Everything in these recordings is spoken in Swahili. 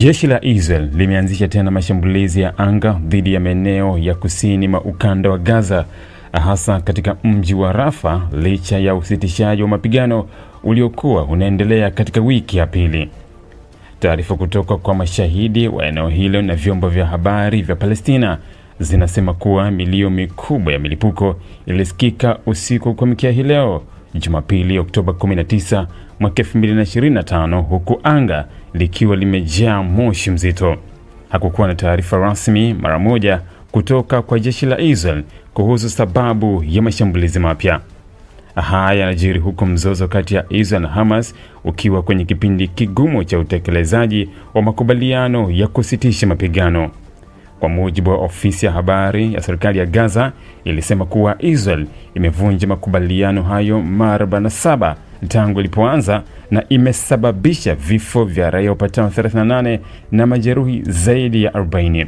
Jeshi la Israel limeanzisha tena mashambulizi ya anga dhidi ya maeneo ya kusini mwa ukanda wa Gaza, hasa katika mji wa Rafa, licha ya usitishaji wa mapigano uliokuwa unaendelea katika wiki ya pili. Taarifa kutoka kwa mashahidi wa eneo hilo na vyombo vya habari vya Palestina zinasema kuwa milio mikubwa ya milipuko ilisikika usiku kwa kuamkia hii leo Jumapili Oktoba 19 mwaka 2025, huku anga likiwa limejaa moshi mzito. Hakukuwa na taarifa rasmi mara moja kutoka kwa jeshi la Israel kuhusu sababu ya mashambulizi mapya. Haya yanajiri huku mzozo kati ya Israel na Hamas ukiwa kwenye kipindi kigumu cha utekelezaji wa makubaliano ya kusitisha mapigano. Kwa mujibu wa ofisi ya habari ya serikali ya Gaza, ilisema kuwa Israel imevunja makubaliano hayo mara 47 tangu ilipoanza na imesababisha vifo vya raia upatao 38 na majeruhi zaidi ya 40.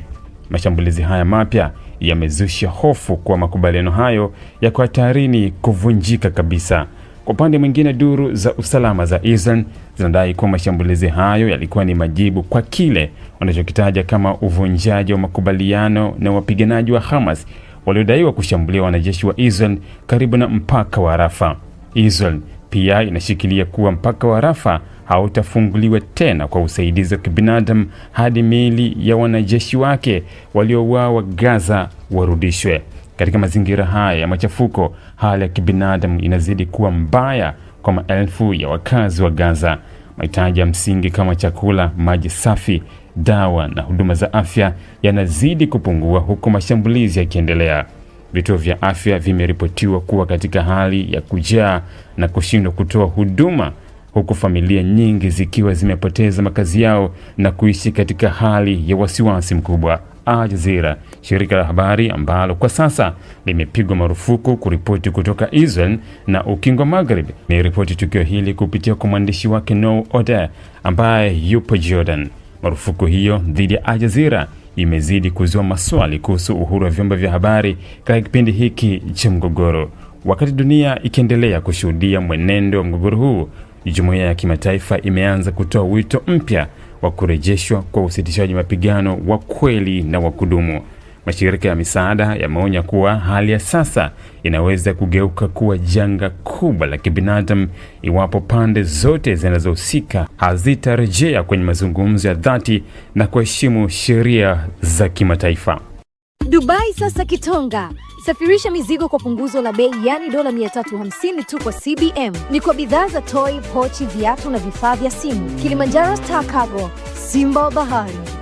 Mashambulizi haya mapya yamezusha hofu kuwa makubaliano hayo yako hatarini kuvunjika kabisa. Kwa upande mwingine, duru za usalama za Israel zinadai kuwa mashambulizi hayo yalikuwa ni majibu kwa kile wanachokitaja kama uvunjaji wa makubaliano na wapiganaji wa Hamas waliodaiwa kushambulia wanajeshi wa Israel karibu na mpaka wa Rafa. Israel pia inashikilia kuwa mpaka wa Rafa hautafunguliwa tena kwa usaidizi wa kibinadamu hadi miili ya wanajeshi wake waliouawa Gaza warudishwe. Katika mazingira haya ya machafuko, hali ya kibinadamu inazidi kuwa mbaya kwa maelfu ya wakazi wa Gaza. Mahitaji ya msingi kama chakula, maji safi dawa na huduma za afya yanazidi kupungua huku mashambulizi yakiendelea. Vituo vya afya vimeripotiwa kuwa katika hali ya kujaa na kushindwa kutoa huduma huku familia nyingi zikiwa zimepoteza makazi yao na kuishi katika hali ya wasiwasi mkubwa. Al Jazeera, shirika la habari ambalo kwa sasa limepigwa marufuku kuripoti kutoka Israel na Ukingo maghreb imeripoti tukio hili kupitia kwa mwandishi wake Noor Oda ambaye yupo Jordan. Marufuku hiyo dhidi ya Al Jazeera imezidi kuzua maswali kuhusu uhuru wa vyombo vya habari katika kipindi hiki cha mgogoro. Wakati dunia ikiendelea kushuhudia mwenendo wa mgogoro huu, jumuiya ya kimataifa imeanza kutoa wito mpya wa kurejeshwa kwa usitishaji mapigano wa kweli na wa kudumu. Mashirika ya misaada yameonya kuwa hali ya sasa inaweza kugeuka kuwa janga kubwa la kibinadamu iwapo pande zote zinazohusika hazitarejea kwenye mazungumzo ya dhati na kuheshimu sheria za kimataifa. Dubai sasa Kitonga. Safirisha mizigo kwa punguzo la bei, yani dola 350 tu kwa CBM. Ni kwa bidhaa za toy, pochi, viatu na vifaa vya simu. Kilimanjaro Star Cargo, Simba wa Bahari.